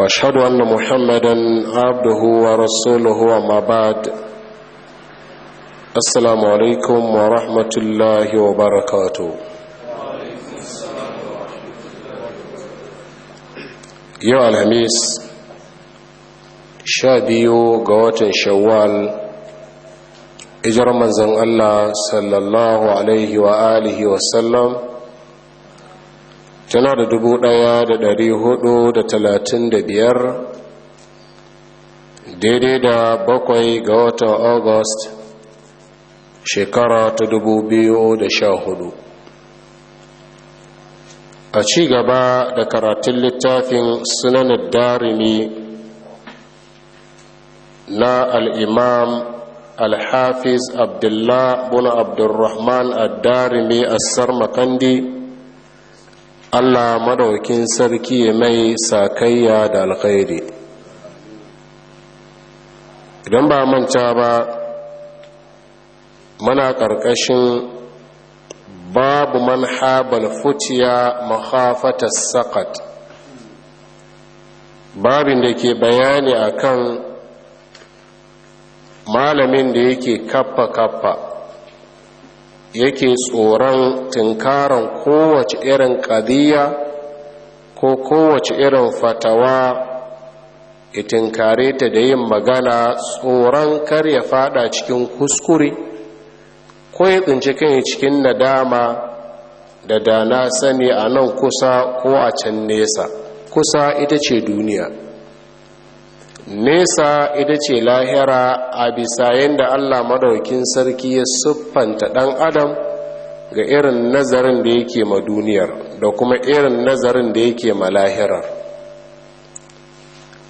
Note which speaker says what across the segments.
Speaker 1: واشهد ان محمدا عبده ورسوله اما بعد السلام عليكم ورحمه الله وبركاته yau alhamis sha biyu ga watan shawwal ijar manzan allah sallallahu alaihi wa alihi wasallam tana da dubu ɗaya da dari hudu da talatin da biyar daidai da bakwai ga watan august shekara ta dubu biyu da sha hudu a ci gaba da karatun littafin sunanar darimi na al'imam al-hafiz abdullah bin abdurrahman ad-darimi as-sarmakandi Allah madaukin sarki mai sakayya da alkhairi idan ba manta ba muna ƙarƙashin babu man habal futiya mahafata sakat babin da ke bayani akan malamin da yake kappa kappa yake tsoron tinkaran kowace irin ƙadiyya ko kowace irin fatawa ya tinkare ta da yin magana tsoron kar ya fada cikin kuskure ko ya tsinci kan cikin nadama da dana sani a nan kusa ko a can nesa kusa ita ce duniya nesa ita ce lahira a bisa yadda allah maɗaukin sarki ya siffanta ɗan adam ga irin nazarin da yake ma duniyar da kuma irin nazarin da yake ma lahirar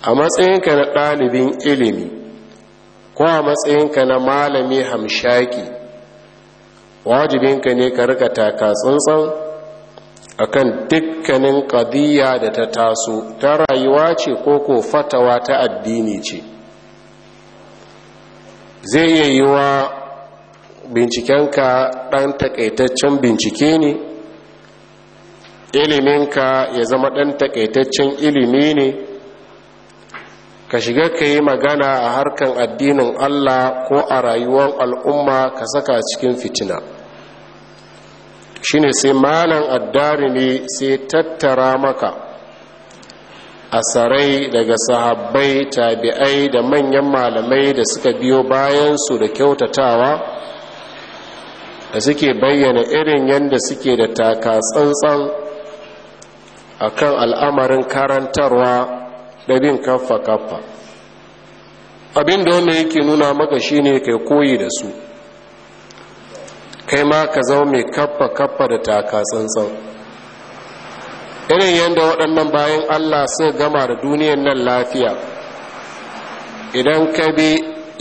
Speaker 1: a matsayinka na ɗalibin ilimi ko a matsayinka na malami hamshaki wajibinka ne ka rika taka tsantsan akan dukkanin ƙadiyya da ta taso ta rayuwa ce ko ko fatawa ta addini ce zai iya yi wa bincikenka ɗan takaitaccen bincike ne iliminka ya zama ɗan takaitaccen ilimi ne ka shiga ka yi magana a harkan addinin allah ko a rayuwar al'umma ka saka cikin fitina shine sai malan addari ne sai tattara maka asarai daga sahabbai tabi'ai da manyan malamai da suka biyo bayansu da kyautatawa da suke bayyana irin yadda suke da taka tsantsan a kan al'amarin karantarwa da bin kaffa kaffa abin da wanda yake nuna maka shine kai koyi da su kai ma ka zama mai kaffa kaffa da taka tsantsan irin yadda waɗannan bayan allah sun gama da duniyan nan lafiya idan ka bi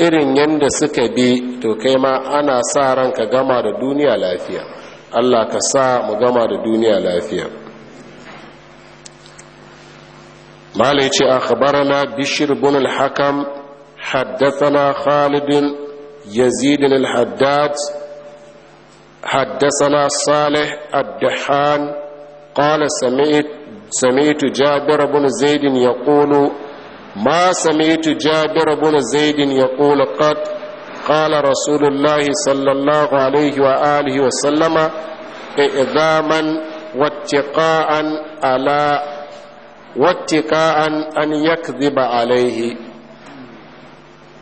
Speaker 1: irin yadda suka bi to kai ma ana sa ran ka gama da duniya lafiya allah ka sa mu gama da duniya lafiya malai ce a bishir bin al-hakam حدثنا خالد al-haddad حدثنا صالح الدحان قال سمعت سمعت جابر بن زيد يقول ما سمعت جابر بن زيد يقول قد قال رسول الله صلى الله عليه وآله وسلم إعظاما واتقاء على واتقاء أن يكذب عليه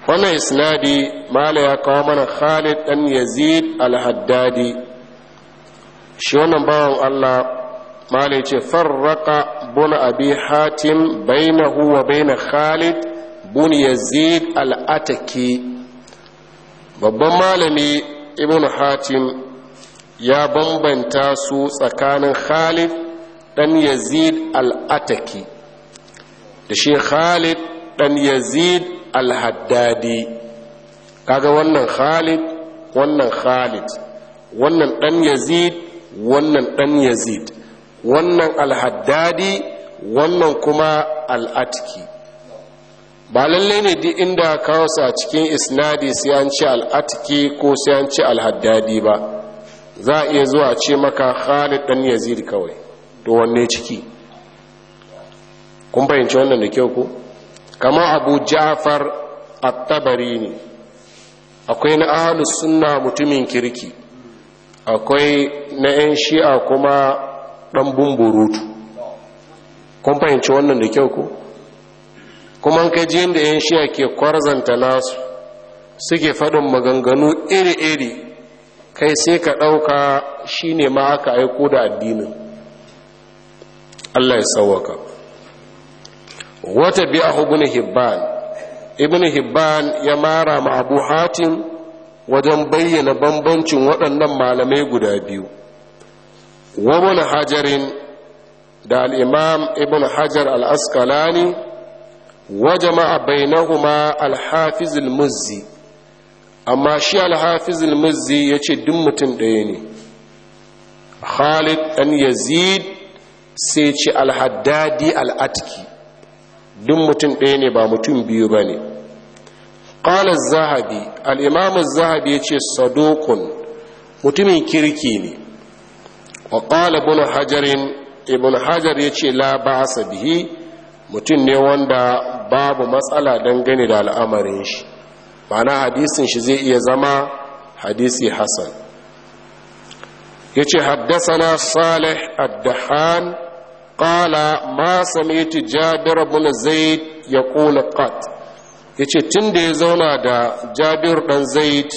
Speaker 1: wannan isnadi mala ya kawo mana khalid dan yazid al-haddadi shi wannan bawan allah mala ya ce farraka abi hatim bainahu wa baina khalid bun yazid al-ataki babban malami ibn hatim ya bambanta su tsakanin khalid dan yazid al-ataki da shi khalid dan yazid alhaddadi ka kaga wannan khalid wannan khalid wannan dan yazid wannan dan yazid wannan alhaddadi wannan kuma alatki ba lalle ne duk inda kawo a cikin isnadi sai an ce al'atki ko sai an ce alhaddadi ba za a iya zuwa ce maka khalid dan yazid kawai to wanne ciki kun fahimci wannan da kyau ko kama abu ja'far at ne akwai na ahlus sunna mutumin kirki akwai na 'yan shi'a kuma ɗan bumburutu kun fahimci wannan da kyau ko kuma ka ji yadda 'yan shi'a ke kwarzanta nasu suke faɗin maganganu iri-iri kai sai ka ɗauka shi ne ma aka aiko da addinin allah ya sauwaka wata biya ibn hibban ibn hibban ya mara ma abu hatim wajen bayyana bambancin waɗannan malamai guda biyu wabin hajarin da al'imam ibn hajar al'askalani wajama'a ma a hafiz al-muzzi amma shi alhafiz al-muzzi ya ce duk mutum ɗaya ne khalid ɗan yazid sai ce alhaddadi al’atki duk mutum ɗaya ne ba mutum biyu ba ne ƙalar zahabi al'imamun zahabi ya ce sadokun mutumin kirki ne wa ƙalar bin hajarin ibn hajar ya ce la ba bihi mutum ne wanda babu matsala gani da al'amarin shi mana hadisin shi zai iya zama hadisi hassan ya ce haddasa na salih addahan qala ma sami'tu jabir ibn zaid yaqulu qat yace tunda ya zauna da jabir dan zaid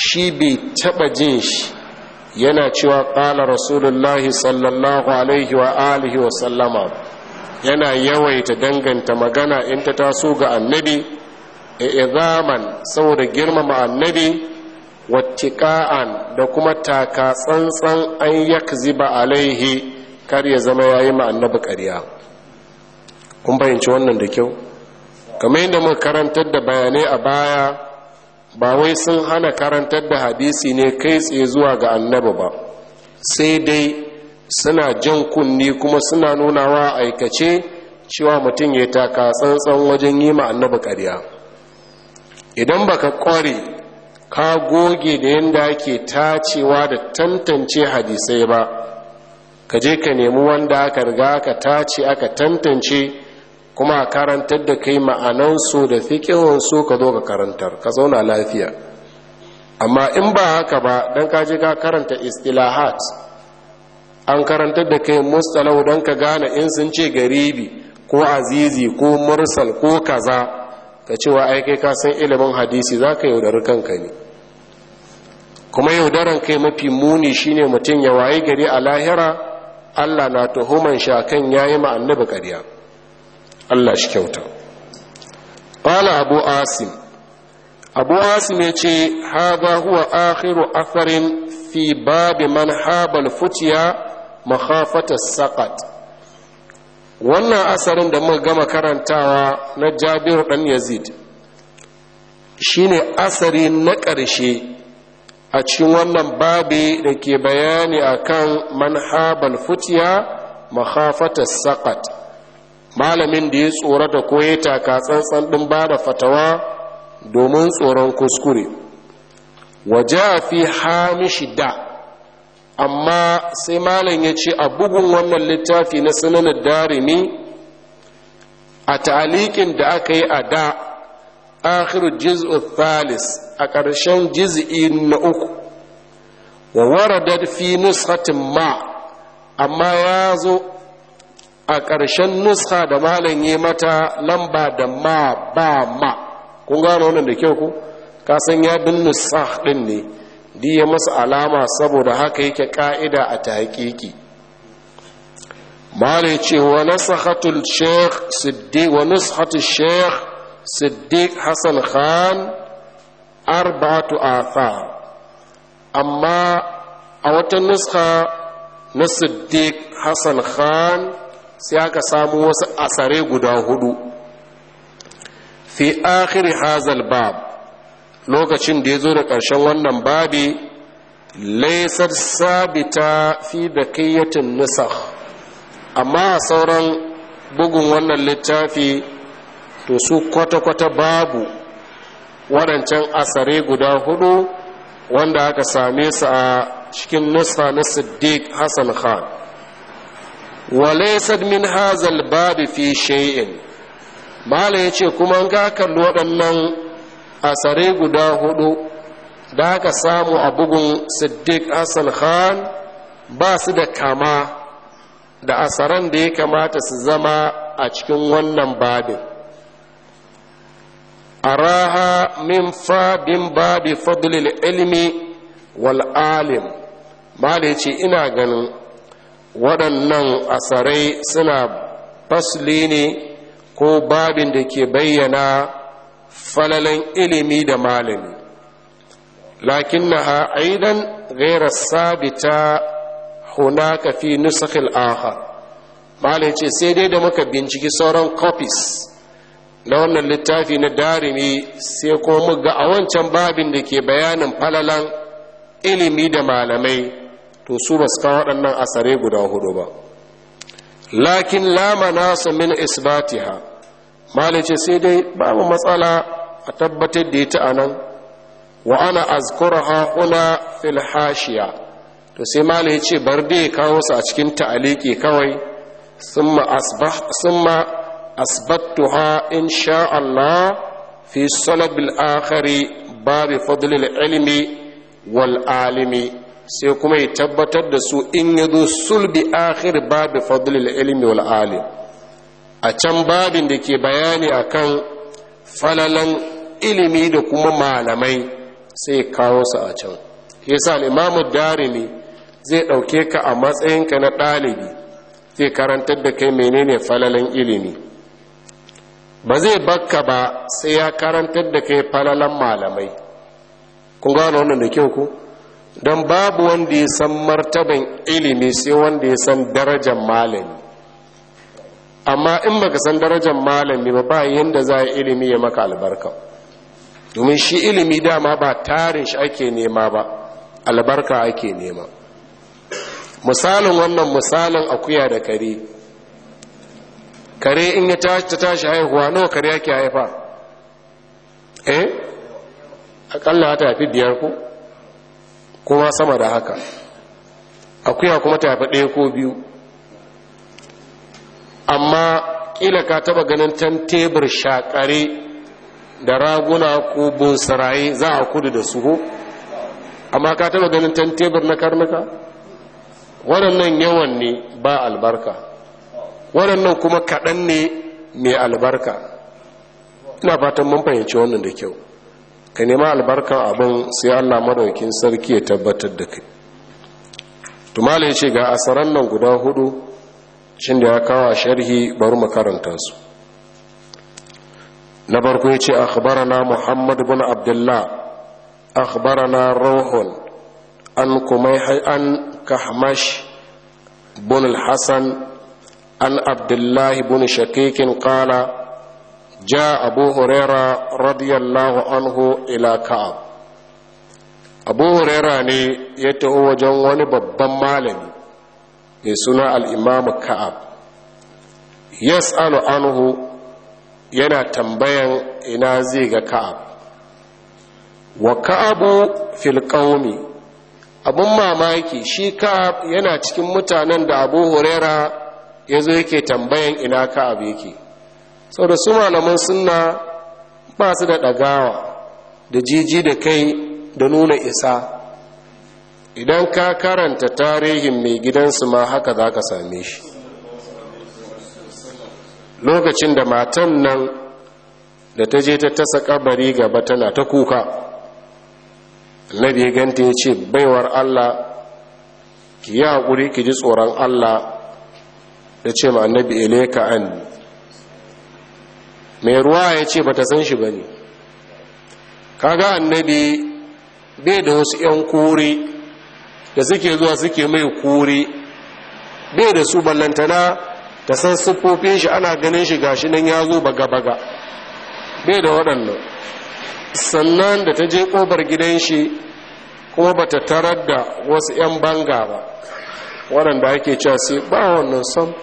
Speaker 1: shi bai taba jin shi yana cewa qala rasulullahi sallallahu alaihi wa alihi wa sallama yana yawaita danganta magana in ta taso ga annabi izaman saboda girmama annabi wattiqa'an da kuma taka tsantsan an yakziba alaihi kar ya zama ya yi annabi ƙarya kun bayanci wannan da kyau kamar yadda mun karantar da bayanai a baya ba wai sun hana karantar da hadisi ne kai tsaye zuwa ga annaba ba sai dai suna jan kunni kuma suna nuna wa aikace cewa mutum ya taka tsantsan wajen yi ma annabi ƙarya idan baka kware ka goge da yadda ake tacewa da tantance hadisai ba ka je ka nemi wanda aka riga aka tace aka tantance kuma a karantar da kai ma'anansu da fikihunsu ka zo ka karantar ka zauna lafiya amma in ba haka ba don ka ka karanta istilahat an karantar da kai mustalau don ka gane in sun ce garibi ko azizi ko mursal ko kaza ka cewa aiki ka san ilimin hadisi za ka yaudari kanka ne kuma yaudaran kai mafi muni shine mutum ya waye gari a lahira Allah na tuhuman shakan yayi ma annabi ƙarya Allah shi kyauta qala abu asim abu asim yace hadha huwa akhiru atharin fi babi man habal futiya makhafata saqat wannan asarin da muka gama karantawa na Jabir dan Yazid shine asari na ƙarshe a cikin wannan babi da ke bayani a kan manhabal futiya mahafata sakat malamin da ya tsora da koya taka tsantsan din ba da fatawa domin tsoron kuskure waje a fi hamishi da amma sai malam ya ce a bugun wannan littafi na sunanar darimi a ta'alikin da aka yi a da akhiru juz'u thalis a ƙarshen juz'i na uku wa waradat fi nuskhatin ma amma ya zo a ƙarshen nuska da malam yi mata lamba da ma ba ma kun gano wannan da kyau ku ka san ya bin nusakh din ne di ya masa alama saboda haka yake ka'ida a tahqiqi malam ce wa nasakhatul sheikh siddiq wa nushatul sheikh siddiq hassan khan arba'atu athar amma a wata nuska na siddiq hassan khan sai aka samu wasu asare guda hudu fi akhiri hazal bab lokacin da ya zo da ƙarshen wannan babi laisar sabita fi bakiyyatin nusakh amma a sauran bugun wannan littafi to su kwata-kwata babu waɗancan asare guda hudu wanda aka same su a cikin nusa na siddiq hassan khan walaisad min hazal babu fi shay'in Malam ya ce kuma ga kalli waɗannan asare guda hudu da aka samu a bugun siddiq hassan khan ba su da kama da asaran da ya kamata su zama a cikin wannan babin araha min fa bin babi fadlil ilmi wal alim malai ce ina ganin waɗannan asarai suna fasli ne ko babin da ke bayyana falalan ilimi da malami lakinnaha aidan ghairar sabita hunaka fi nusakil aha malai ce sai dai da muka binciki sauran copies na wannan littafi na darimi sai ko muga a wancan babin da ke bayanin falalan ilimi da malamai to su ba su waɗannan asare guda hudu ba lakin lama nasu min isbatiha malice sai dai babu matsala a tabbatar da ita anan, nan wa ana azkura to sai malice bar dai kawo su a cikin ta'aliki kawai sun ma. asbattuha in sha Allah fi salabil akhari babi fadlil ilmi wal alimi sai kuma ya tabbatar da su in ya sulbi akhir babi fadlil ilmi wal alim a can babin da ke bayani akan falalan ilimi da kuma malamai sai kawo su a can yasa al-imamu darimi zai ɗauke ka a matsayinka na ɗalibi zai karantar da kai menene falalan ilimi ba zai bakka ba sai ya karantar da kai falalan malamai kun gano wannan da kyau ku don babu wanda ya san martaban ilimi sai wanda ya san darajar malami amma in baka san darajar malami ba ba yadda za a ilimi ya maka albarka domin shi ilimi dama ba tarin shi ake nema ba albarka ake nema misalin wannan misalin akuya da kare kare in ya tashi ta tashi haihuwa nawa kare yake haifa eh akalla ta haifi biyar ko kuma sama da haka akuya kuma ta haifi ɗaya ko biyu amma kila ka taba ganin tan tebur shakare da raguna ko bunsaraye za a kudu da su amma ka taba ganin tan tebur na karnuka waɗannan yawan ne ba albarka waɗannan kuma kaɗan ne mai albarka ina fatan mun fahimci wannan da kyau ka nema albarka abin sai allah maɗaukin sarki ya tabbatar da kai tumali ya ce ga asaran nan guda hudu shi da ya kawo sharhi bari mu karanta su na farko ya ce akhbarana muhammad bin abdullah akhbarana rohon an kuma an kahmash bin عن عبد الله بن شقيق قال جاء أبو هريرة رضي الله عنه إلى كعب أبو هريرة ني يتهو وجنوني ببن مالني يسنى الإمام كعب يسأل عنه ينا تنبين إنا زيغ كعب وكعب في القوم أبو ما مايكي شي كعب ينا mutanen da abu huraira ya zo yake tambayan ina ka abu yake sau da su malaman suna ba da ɗagawa da jiji da kai da nuna isa idan ka karanta tarihin mai gidansu ma haka za ka same shi lokacin da matan nan da ta je ta tasa kabari gaba tana ta kuka annabi ya ganta ya ce baiwar allah ki yi haƙuri ki ji tsoron allah ya ce ma annabi ilaika an mai ruwa ya ce ba ta san shi ba ne kaga annabi bai da wasu 'yan kuri da suke zuwa suke mai kuri bai da su ballantana ta san siffofin shi ana ganin shi gashi nan ya zo baga-baga bai da waɗannan sannan da ta je ƙobar gidan shi kuma ba ta tarar da wasu 'yan banga ba waɗanda ake cewa sai ba wannan sam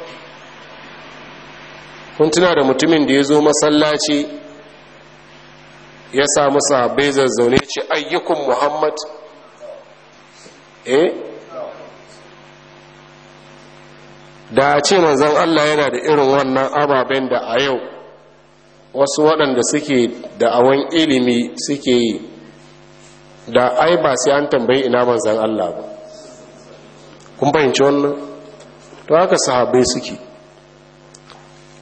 Speaker 1: kun tuna da mutumin da ya zo masallaci ya samu sahabbai zazzaune ce ayyukun muhammad eh da a ce manzan allah yana da irin wannan ababen da a yau wasu waɗanda suke da awon ilimi suke yi da ai ba sai an tambayi ina manzan allah ba kun fahimci wannan to haka sahabai suke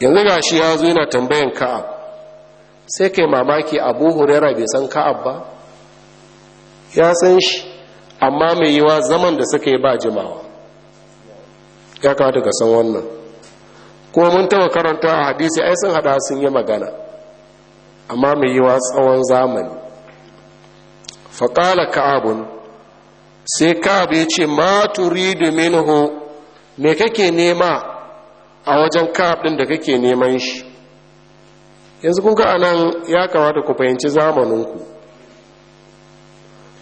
Speaker 1: yanzu ga shi ya zo yana tambayan ka'ab sai kai mamaki abu hurera bai san ka'ab ba ya san shi amma mai yiwa zaman da suka yi ba jimawa ya kawo ka san wannan kuma mun taba karanta a hadisi ai sun hada sun yi magana amma mai yiwa tsawon zamani faƙala ka'abun sai ka'ab ya ce ma turidu ho, me kake nema a wajen kaf ɗin da kake neman shi yanzu kun ga anan ya kamata ku fahimci zamanin ku.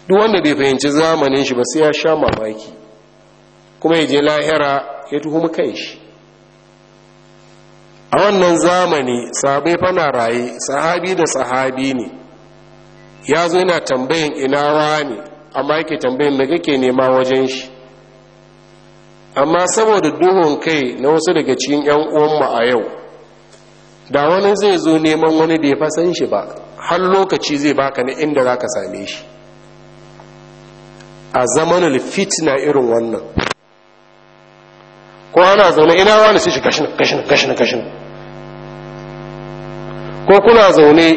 Speaker 1: duk wanda bai fahimci zamanin shi ba sai ya sha mamaki kuma ya je lahira ya tuhumi kai shi a wannan zamani sahabai fana raye sahabi da sahabi ne ya zo yana tambayin ina ne amma yake tambayin da kake nema wajen shi amma saboda duhun kai na wasu daga cikin 'yan uwanmu a yau da wani zai zo neman wani da ya fasan shi ba har lokaci zai baka na inda za ka same shi a zamanin fitna irin wannan ko ana zaune ina wani sai shi kashin kashin kashin kashin ko kuna zaune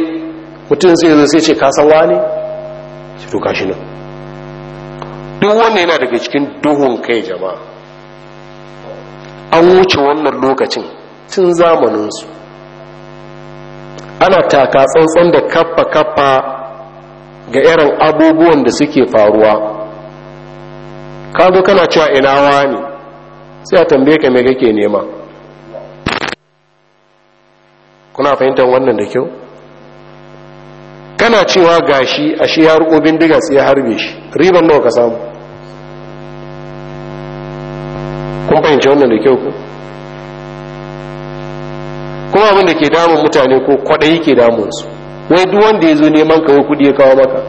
Speaker 1: mutum zai zo sai ce kasan wani shi to kashin duk wannan yana daga cikin duhun kai jama'a an wuce wannan lokacin tun zamaninsu ana taka tsantsan da kaffa-kaffa ga irin abubuwan da suke faruwa ka kana cewa inawa ne sai a tambaye ka mai kake nema kuna fahimtar wannan da kyau kana cewa gashi ashe ya ruko bindiga sai ya harbe shi riban nawa ka samu kun fahimci wannan da kyau ku kuma abin da ke damun mutane ko kwaɗayi ke damun su wai duk wanda ya zo neman kawo kuɗi ya kawo maka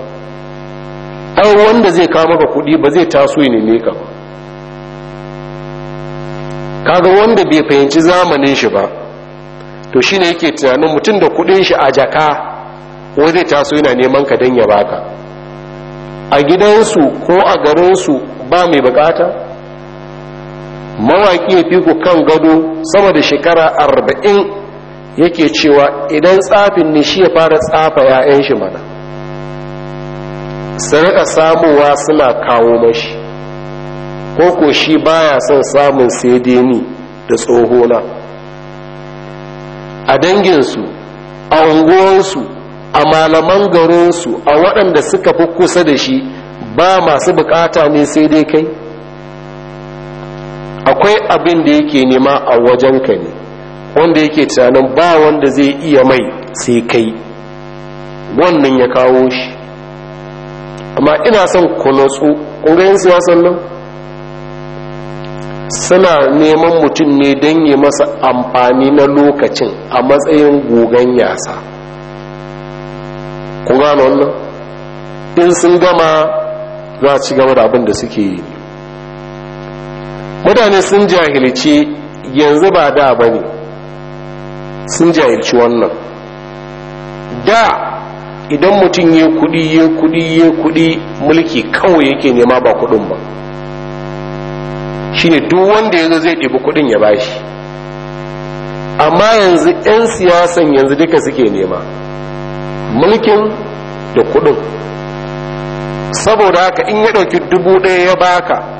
Speaker 1: ai wanda zai kawo maka kuɗi ba zai taso ya neme ka kaga wanda bai fahimci zamanin shi ba to shine yake tunanin mutum da kuɗin shi a jaka wai zai taso yana neman ka don ya baka a gidansu ko a garinsu ba mai bukata mawaƙi ya fi ku kan gado sama da shekara arba'in yake cewa idan tsafin ne shi ya fara tsafa 'ya'yan shi mana su samuwa suna kawo mashi ko ko shi baya son samun sai ni da tsohona a danginsu a unguwarsu a malaman garinsu a waɗanda suka fi kusa da shi ba masu bukata ne sai dai kai akwai abin da yake nema a wajenka ne wanda yake tunanin ba wanda zai iya mai sai kai wannan ya kawo shi amma ina son ku natsu ƙungayen siyasan nan suna neman mutum ne don yi masa amfani na lokacin a matsayin gogon yasa ku wannan in sun gama za a ci gaba da abin da suke yi mutane sun jahilci yanzu ba da ba ne sun jahilci wannan da idan mutum ya kudi ya kudi ya kudi mulki kawai yake nema ba kudin ba shine duk wanda yanzu zai ɗebi kudin ya bashi amma yanzu 'yan siyasan yanzu duka suke nema mulkin da kudin saboda haka in ya ɗauki dubu ɗaya ya baka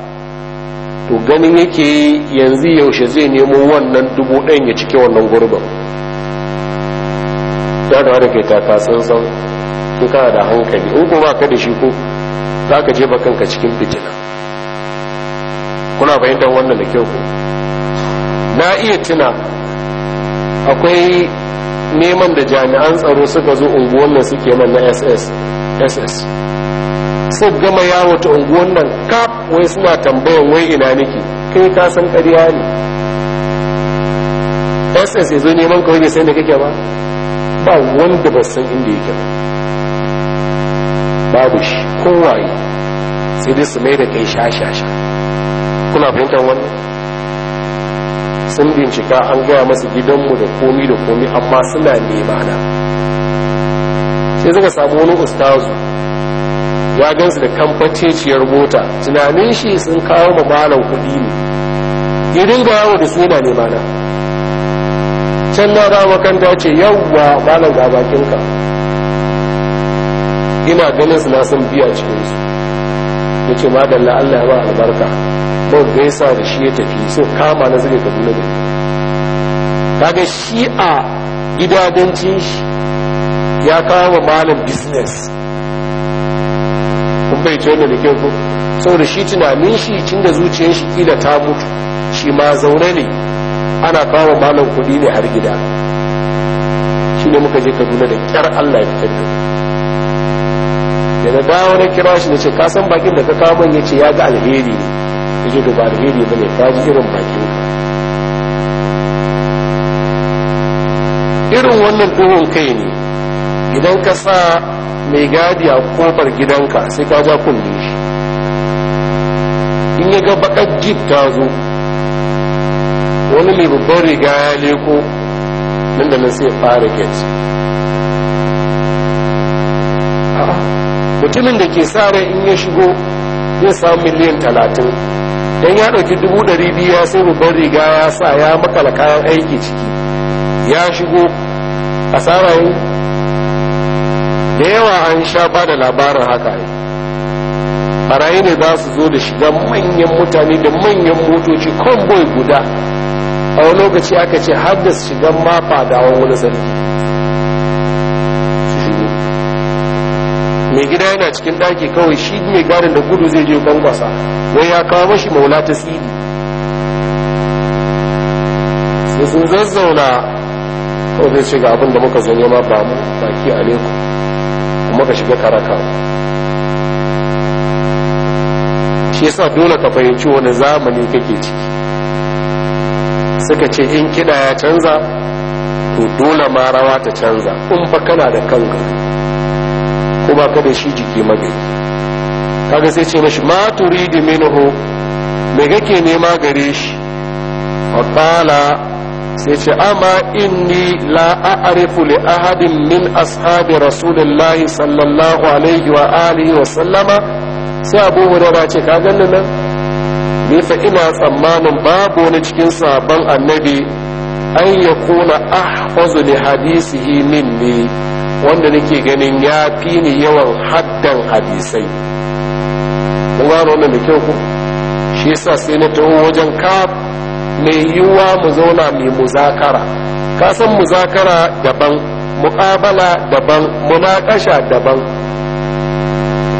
Speaker 1: to ganin yake yanzu yaushe zai nemo wannan dubu ɗayan ya cike wannan gurbin ta da wadda ta taka san kana da hankali in kuma ka da shi ko za ka jefa kanka cikin fitina kuna fahimtar wannan da kyau ko na iya tuna akwai neman da jami'an tsaro suka zo unguwan nan suke man na ss ss sai gama yawo ta unguwan nan kaf wai suna tambayan wai ina nake kai ka san ƙarya ne ss ya zo neman kawai ne sai da kake ba ba wanda ba san inda yake ba babu shi kowaye sai dai su mai da kai shashasha kuna fahimtar wannan sun bincika an gaya masa gidanmu da komi da komi amma suna nema na sai suka samu wani ustazu ya gansu da kamfaceciyar mota tunanin shi sun kawo ma malam kuɗi ne idan ga yawon da su yana mana can na ba makanta ce yawwa malam ga bakinka ina ganin su na sun biya cikinsu da ce madalla allah ya ba albarka ban gaisa da shi ya tafi so kama na zai kaduna da daga shi a gidajen shi ya kawo malam business bai ce da ke ko saboda shi tunanin shi tun da zuciyar shi kila ta mutu shi ma zaune ne ana kawo malam kuɗi ne har gida shi ne muka je kaduna da kyar allah ya fitar da da na dawo na kira shi na ce kasan bakin da ka kawo man ya ce ya ga alheri ne ya to alheri ba ne ka ji irin bakin irin wannan duhun kai ne idan ka sa mai gadi a kofar gidanka sai ka ja kunne shi in ya ga bakar jeep ta zo wani mai babban riga ya leko nan da nan sai fara gate mutumin da ke sa rai in ya shigo zai samu miliyan talatin don ya ɗauki dubu ɗari biyu ya sai babban riga ya sa ya makala kayan aiki ciki ya shigo asara yi da yawa an sha ba da labarin haka yi barayi ne za su zo da shiga manyan mutane da manyan motoci konvoy guda a wani lokaci aka ce haddasa shigan ma awon wani sarki su shigo mai gida yana cikin ɗaki kawai shi mai garin da gudu zai je gwangwasa wai ya kawo mashi maula ta tsidi su sun zazzauna kawai zai shiga abin da muka zo ma ba mu baki aleku. kuma ka shiga karaka shi yasa dole ka fahimci wani zamani kake ciki suka ce in kiɗa ya canza to dole ma rawa ta canza in fa kana da kanka ko ba ka da shi jiki magani kaga sai ce mashi ma turidu minhu me kake nema gare shi faqala sai ce amma inni la a'rifu li ahadin min ashabi rasulillahi sallallahu alaihi wa alihi wa sallama sai abu hurairah ce ka ganni nan ni fa ina tsammanin babu wani cikin sabon annabi an ya kuna ahfazu li hadisihi minni wanda nake ganin ya fi ni yawan haddan hadisai kun gano wannan da kyau ko. shi yasa sai na taho wajen ka mai yiwuwa mu zauna mai muzakara ka san muzakara daban muƙabala daban munaƙasha daban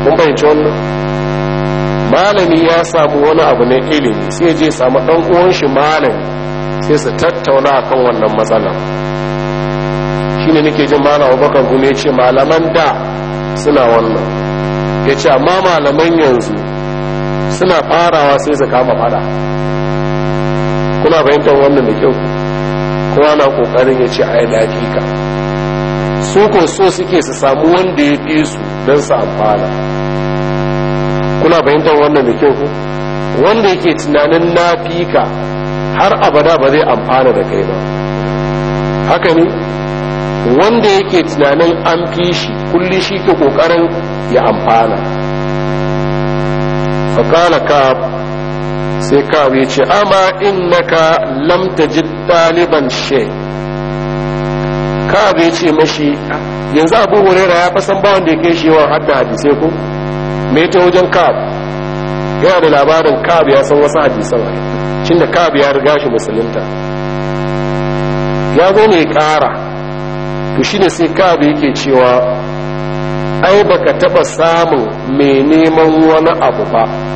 Speaker 1: kun bayyance wannan malami ya samu wani abu na ilimi sai je samu ɗan uwan shi malami sai su tattauna kan wannan matsalar shine nake jin malam Abubakar gune ce malaman da suna wannan ya ce amma malaman yanzu suna farawa sai su kama fada kuna bayyantar wannan da kyau kowa na kokarin ya ce ai yi su ko so suke su samu wanda ya fi su don su amfana kuna bayyantar wannan da kyau wanda yake tunanin na fi har abada ba zai amfana da kai ba haka ne wanda yake tunanin an fi shi kulli shi ke kokarin ya amfana faƙala ka'ab sai ka'ab ya ce amma innaka lamta ji ɗaliban she ka'ab ya ce mashi yanzu abu huraira ya fasan bawan da ya kai shi yawan hadda hadisai ko me ta wajen ka'ab yana da labarin ka'ab ya san wasu hadisan shin da ka'ab ya riga shi musulunta ya zo ne ƙara to shi ne sai ka'ab yake cewa ai baka taɓa samun mai neman wani abu ba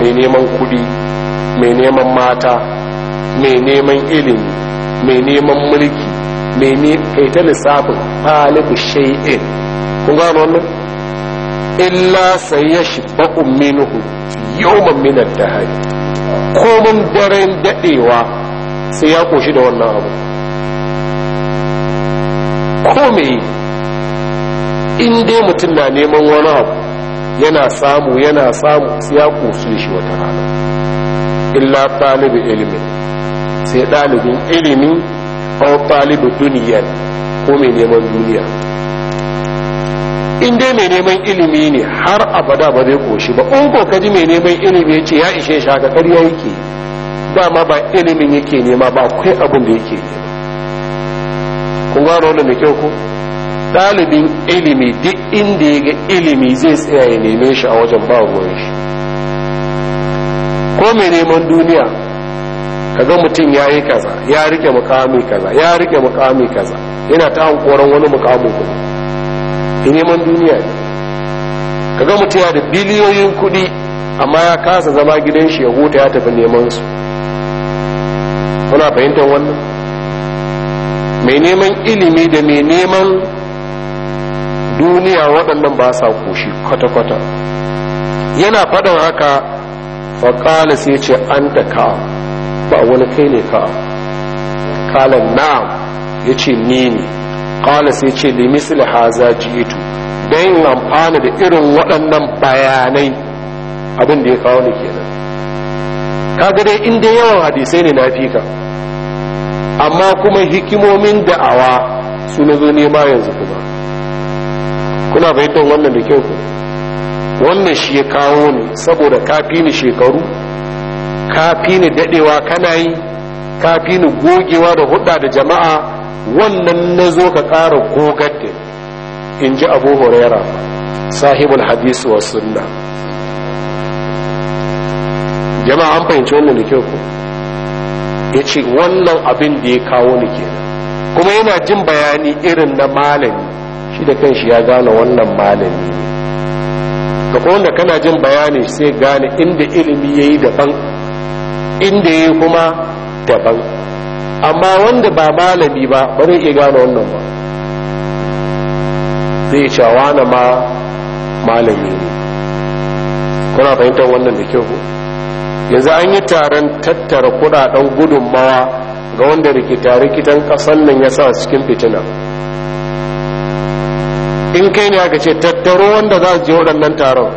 Speaker 1: mai neman kudi mai neman mata mai neman ilimi mai neman mulki mai ne kai ta lissafin ɗalibu shay'in kun gano wannan illa sai ya shiba umminuhu yawman min ad hari komin daren dadewa sai ya koshi da wannan abu ko me in dai mutum na neman wani abu yana samu yana samu ya kosu shi wata rana illa ɗalibin ilimin sai ɗalibin ilimi ko ɗalibin duniyar ko mai neman duniya in dai mai neman ilimi ne har abada ba zai koshi ba in ko kaji mai neman ilimi ce ya ishe shi haka ƙarya yake dama ba ilimin yake nema ba akwai abun da yake nema kun gano wannan da kyau ko ɗalibin ilimi duk inda ya ga ilimi zai tsaya ya neme shi a wajen ba ruwan shi ko mai neman duniya kaga mutum ya yi kaza ya rike mukami kaza ya rike mukami kaza yana ta hankoron wani mukamu kuɗi ya neman duniya ne kaga mutum ya da biliyoyin kuɗi amma ya kasa zama gidan shi ya huta ya tafi neman su kuna fahimtar wannan mai neman ilimi da mai neman duniya waɗannan ba sa koshi kwata-kwata yana faɗin haka faƙala sai ce an da ka ba wani kai ne ka ƙala na ya ce ni ne ƙala sai ce da misali jitu don yin amfani da irin waɗannan bayanai abinda ya kawo ne kenan kaga dai inda yawan hadisai ne na fi ka amma kuma hikimomin da'awa su na zo nema yanzu kuma kuna fahimtar wannan da kyau wannan shi ya kawo ne saboda kafi ni shekaru kafi ni dadewa kana yi kafi ni gogewa da hudda da jama'a wannan na zo ka kara gogar da in ji abu huraira sahibul hadisu wa sunna jama'a an fahimci wannan da kyau ya ce wannan abin da ya kawo ni ke kuma yana jin bayani irin na malami shi da kanshi ya gane wannan malami ga kowanda kana jin bayani sai gane inda ilimi ya yi daban inda ya kuma daban amma wanda ba malami ba ba zai iya gane wannan ba zai cewa na ma malami ne kuna fahimtar wannan da kyau yanzu an yi taron tattara kudaden gudunmawa ga wanda rikita rikitan kasan nan ya sa cikin fitina in kai ne aka ce tattaro wanda za su je waɗannan taron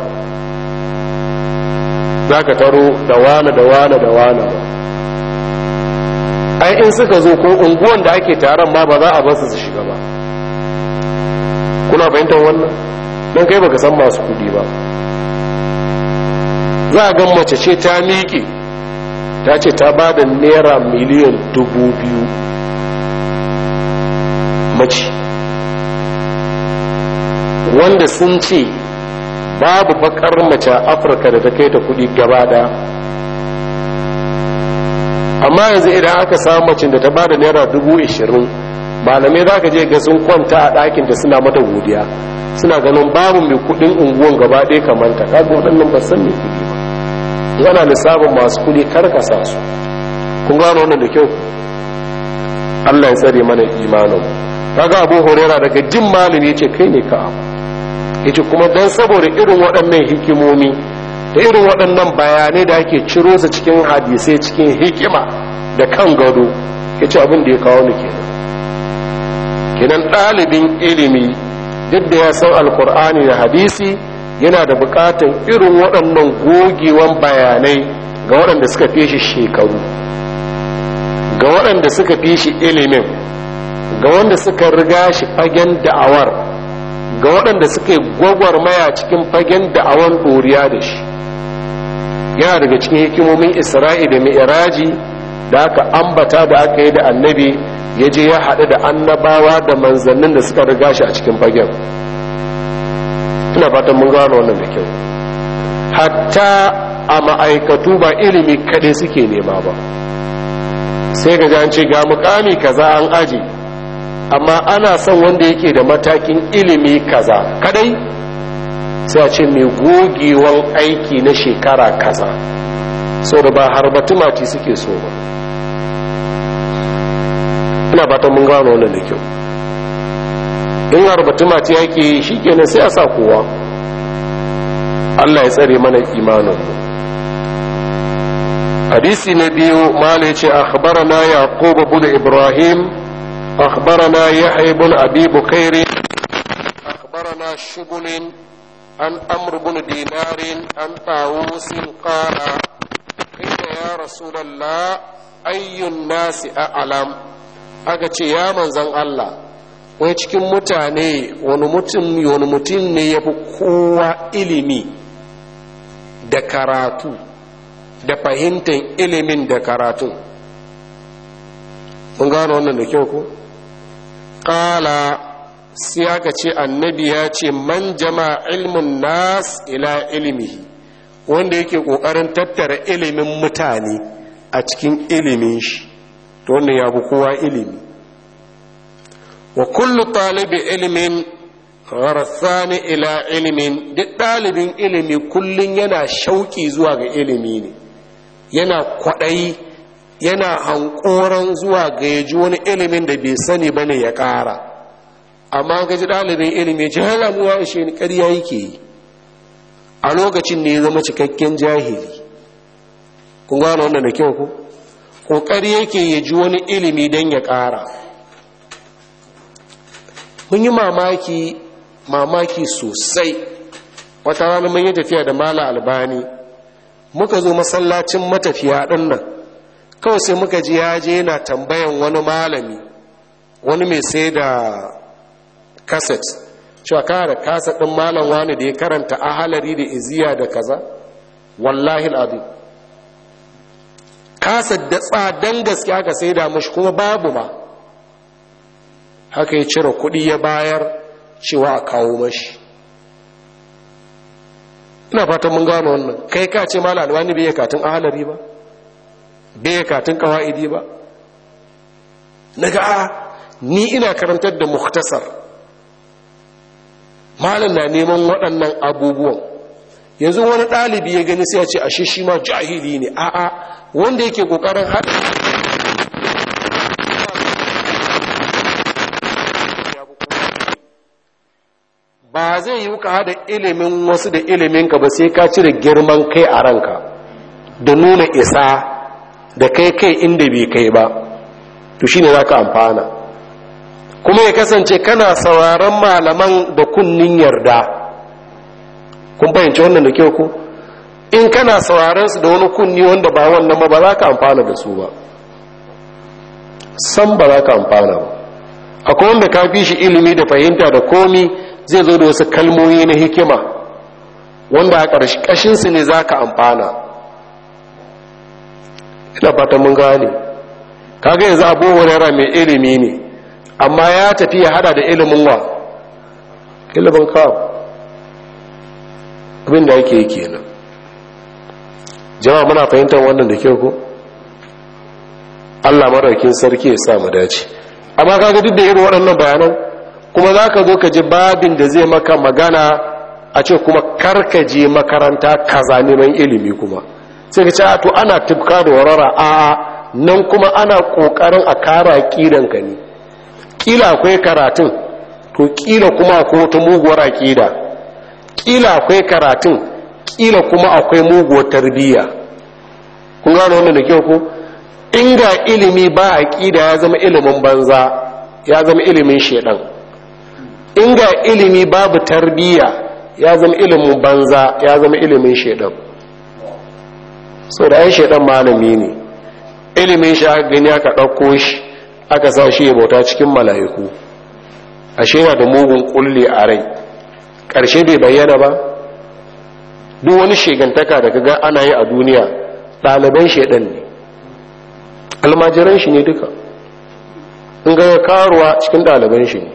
Speaker 1: za ka taro da wane da wane da wane ba ai in suka zo ko unguwan da ake taron ma ba za a basu su shiga ba kuna fahimtar wannan don kai baka san masu kudi ba za a gan mace ce ta miƙe ta ce ta ba da naira miliyan dubu biyu mace wanda sun ce babu bakar mace a afirka da ta kai ta kudi gaba da amma yanzu idan aka samu macin da ta ba da naira dubu ishirin malamai za ka je ga sun kwanta a ɗakin da suna mata godiya suna ganin babu mai kudin unguwan gaba ɗaya kamar ta kaga waɗannan ba san mai kudi ba yana lissafin masu kudi karkasa su kun gano wannan da kyau allah ya tsare mana imanin kaga abu horera daga jin malami ce kai ne ka abu yace kuma dan saboda irin waɗannan hikimomi da irin waɗannan bayanai da ake ciro su cikin hadisai cikin hikima da kan gado yace abin da ya kawo ni kenan kenan ɗalibin ilimi duk da ya san alkur'ani da hadisi yana da buƙatar irin waɗannan gogewan bayanai ga waɗanda suka fi shi shekaru ga waɗanda suka fi shi ilimin ga wanda suka riga shi fagen da'awar ga waɗanda suke gwagwarmaya cikin fagen da da'awan ɗoriya da shi yana daga cikin hikimomin isra'i da mi'iraji da aka ambata da aka yi da annabi ya je ya haɗu da annabawa da manzannin da suka riga shi a cikin fagen ina fatan mun gano wannan da kyau hatta a ma'aikatu ba ilimi kaɗai suke nema ba sai ga an ce ga mukami kaza an aji amma ana son wanda yake da matakin ilimi kaza kadai sai a ce mai gogewan aiki na shekara kaza sau da ba harbatu mati suke so ba ina ta mun gano wannan da kyau in harbatu mati yake shi kenan sai a sa kowa allah ya tsare mana imaninmu hadisi na biyu mala a ce na yaqub da ibrahim أخبرنا يحيى بن أبي بكير أخبرنا شبل عن أمر بن دينار عن طاووس قال قيل يا رسول الله أي الناس أعلم أجت يا من زن الله wai cikin mutane wani mutum wani mutum ne ya fi kowa ilimi da karatu da fahimtar ilimin da karatun kun gano wannan da kyau ko? ƙala siya aka ce annabi ya ce man jama ilmin nas ila ilmihi wanda yake ƙoƙarin tattara ilimin mutane a cikin ilimin shi to wannan ya kowa ilimi wa kullu talibi ilimin gharasani ila ilimin duk ɗalibin ilimi kullum yana shauƙi zuwa ga ilimi ne yana kwaɗayi yana hankoran zuwa ga ya ji wani ilimin da bai sani ba ne ya ƙara amma ga ji ɗalibin ilimi ji halamuwa ishe ni ƙarya yake yi a lokacin ne ya zama cikakken jahili kun gano wannan da kyau ku ƙoƙari yake ya ji wani ilimi don ya ƙara mun yi mamaki mamaki sosai wata rana mun yi tafiya da mala albani muka zo masallacin matafiya ɗin kawai sai muka ji ya je yana tambayan wani malami wani mai sai da kaset cewa da kaset ɗin malam wani da ya karanta ahalari da iziya da kaza wallahi al'adu kaset da tsadan gaske aka sai da mashi kuma babu ma haka ya cire kuɗi ya bayar cewa a kawo mashi ina fatan mun gano wannan kai ka ce malam wani bai katun ahalari ba bai katin kawa'idi ba na ga ah, ni ina karantar da muktasar malam na neman waɗannan abubuwan yanzu wani ɗalibi ya gani sai ya ce ashe shi ma jahili ne a'a wanda yake ƙoƙarin haɗa ba zai yi wuka hada ilimin wasu da iliminka ba sai ka cire girman kai a ranka da nuna isa da kai kai inda bai kai ba to shine za ka amfana kuma ya kasance kana sauraron malaman da kunnin yarda kun fahimci wannan da kyau ku in kana sauraron su da wani kunni wanda ba wannan ba ba za ka amfana da su ba san ba za ka amfana ba akwai wanda ka fi shi ilimi da fahimta da komi zai zo da wasu kalmomi na hikima wanda a ƙarshe ƙashinsu ne za ka amfana ina fata mun gane kaga yanzu abu yara mai ilimi ne amma ya tafi ya hada da ilimin wa ilimin ka abin da yake yi kenan jama'a muna fahimtar wannan da kyau ko Allah maraukin sarki ya sa mu dace amma kaga duk da irin waɗannan bayanan kuma za ka zo ka ji babin da zai maka magana a ce kuma karkaji makaranta kaza neman ilimi kuma sai ka ce to ana tufka da warara a nan kuma ana kokarin a kara kidan ka ne kila akwai karatun to kila kuma akwai wata muguwar akida kila akwai karatun kila kuma akwai muguwar tarbiyya kun gano wannan da kyau ko in ga ilimi ba aqida ya zama ilimin banza ya zama ilimin shedan in ga ilimi babu tarbiyya ya zama ilimin banza ya zama ilimin shedan sau da ya shaidan malami ne ilimin shi aka gani aka ɗauko shi aka sa shi ya bauta cikin mala'iku ashe yana da mugun kulle a rai Karshe bai bayyana ba duk wani shigantaka da ga ana yi a duniya ɗaliban shaidan ne almajiran shi ne duka in ga ya karuwa cikin ɗaliban shi ne